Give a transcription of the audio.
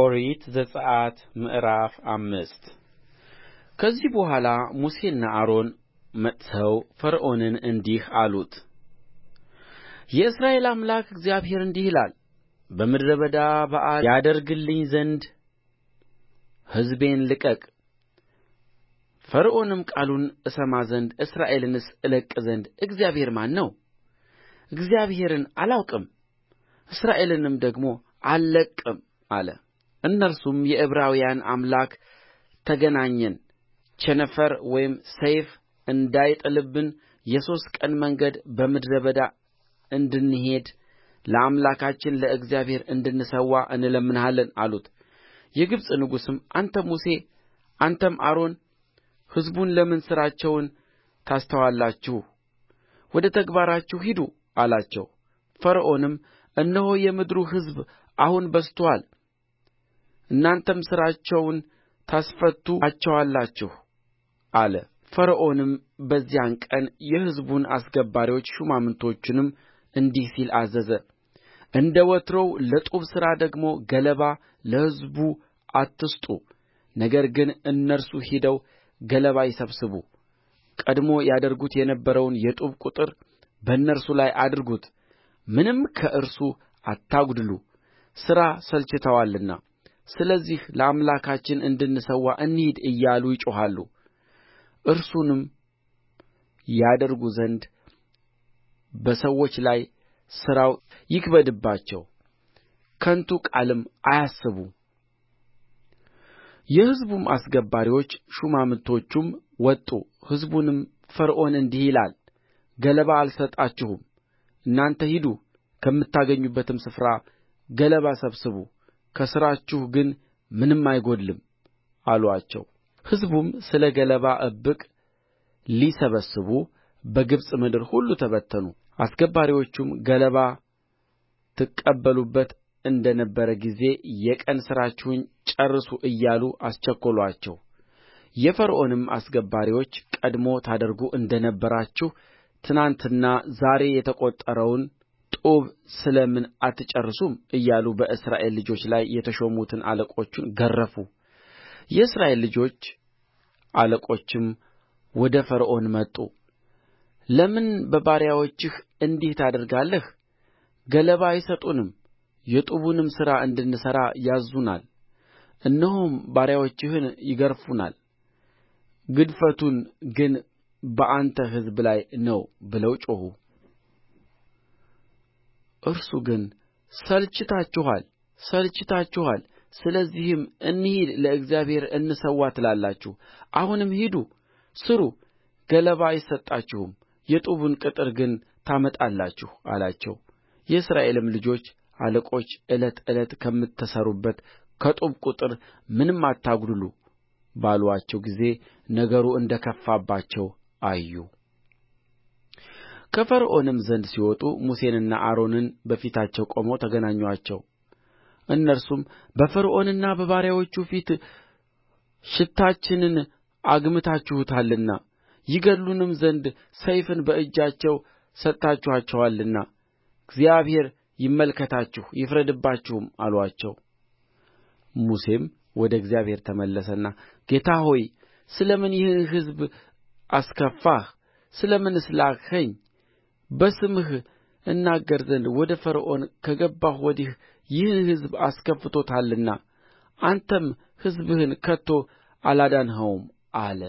ኦሪት ዘጽአት ምዕራፍ አምስት ከዚህ በኋላ ሙሴና አሮን መጥተው ፈርዖንን እንዲህ አሉት የእስራኤል አምላክ እግዚአብሔር እንዲህ ይላል በምድረ በዳ በዓል ያደርግልኝ ዘንድ ሕዝቤን ልቀቅ ፈርዖንም ቃሉን እሰማ ዘንድ እስራኤልንስ እለቅቅ ዘንድ እግዚአብሔር ማን ነው እግዚአብሔርን አላውቅም እስራኤልንም ደግሞ አልለቅቅም አለ እነርሱም የዕብራውያን አምላክ ተገናኘን ቸነፈር ወይም ሰይፍ እንዳይጥልብን የሦስት ቀን መንገድ በምድረ በዳ እንድንሄድ ለአምላካችን ለእግዚአብሔር እንድንሠዋ እንለምንሃለን አሉት የግብፅ ንጉሥም አንተ ሙሴ አንተም አሮን ሕዝቡን ለምን ሥራቸውን ታስተዋላችሁ ወደ ተግባራችሁ ሂዱ አላቸው ፈርዖንም እነሆ የምድሩ ሕዝብ አሁን በዝቶአል እናንተም ሥራቸውን ታስፈቱአቸዋላችሁ አለ ፈርዖንም በዚያን ቀን የሕዝቡን አስገባሪዎች ሹማምቶቹንም እንዲህ ሲል አዘዘ እንደ ወትሮው ለጡብ ሥራ ደግሞ ገለባ ለሕዝቡ አትስጡ ነገር ግን እነርሱ ሄደው ገለባ ይሰብስቡ ቀድሞ ያደርጉት የነበረውን የጡብ ቍጥር በእነርሱ ላይ አድርጉት ምንም ከእርሱ አታጕድሉ ሥራ ሰልችተዋልና ስለዚህ ለአምላካችን እንድንሠዋ እንሂድ እያሉ ይጮኻሉ እርሱንም ያደርጉ ዘንድ በሰዎች ላይ ሥራው ይክበድባቸው ከንቱ ቃልም አያስቡ የሕዝቡም አስገባሪዎች ሹማምቶቹም ወጡ ሕዝቡንም ፈርዖን እንዲህ ይላል ገለባ አልሰጣችሁም እናንተ ሂዱ ከምታገኙበትም ስፍራ ገለባ ሰብስቡ ከሥራችሁ ግን ምንም አይጐድልም አሉአቸው ሕዝቡም ስለ ገለባ እብቅ ሊሰበስቡ በግብፅ ምድር ሁሉ ተበተኑ አስገባሪዎቹም ገለባ ትቀበሉበት እንደ ነበረ ጊዜ የቀን ሥራችሁን ጨርሱ እያሉ አስቸኰሉአቸው የፈርዖንም አስገባሪዎች ቀድሞ ታደርጉ እንደ ነበራችሁ ትናንትና ዛሬ የተቈጠረውን ጡብ ስለ ምን አትጨርሱም እያሉ በእስራኤል ልጆች ላይ የተሾሙትን አለቆቹን ገረፉ የእስራኤል ልጆች አለቆችም ወደ ፈርዖን መጡ ለምን በባሪያዎችህ እንዲህ ታደርጋለህ ገለባ አይሰጡንም የጡቡንም ሥራ እንድንሠራ ያዝዙናል እነሆም ባሪያዎችህን ይገርፉናል ግድፈቱን ግን በአንተ ሕዝብ ላይ ነው ብለው ጮኹ እርሱ ግን ሰልችታችኋል ሰልችታችኋል ስለዚህም እንሂድ ለእግዚአብሔር እንሠዋ ትላላችሁ አሁንም ሂዱ ሥሩ ገለባ አይሰጣችሁም የጡቡን ቅጥር ግን ታመጣላችሁ አላቸው የእስራኤልም ልጆች አለቆች ዕለት ዕለት ከምትሠሩበት ከጡቡ ቍጥር ምንም አታጕድሉ ባሉአቸው ጊዜ ነገሩ እንደ ከፋባቸው አዩ ከፈርዖንም ዘንድ ሲወጡ ሙሴንና አሮንን በፊታቸው ቆመው ተገናኙአቸው እነርሱም በፈርዖንና በባሪያዎቹ ፊት ሽታችንን አግምታችሁታልና ይገድሉንም ዘንድ ሰይፍን በእጃቸው ሰጥታችኋቸዋልና እግዚአብሔር ይመልከታችሁ ይፍረድባችሁም አሉአቸው ሙሴም ወደ እግዚአብሔር ተመለሰና ጌታ ሆይ ስለ ምን ይህን ሕዝብ አስከፋህ ስለ ምንስ ላክኸኝ በስምህ እናገር ዘንድ ወደ ፈርዖን ከገባሁ ወዲህ ይህን ሕዝብ አስከፍቶታልና አንተም ሕዝብህን ከቶ አላዳንኸውም አለ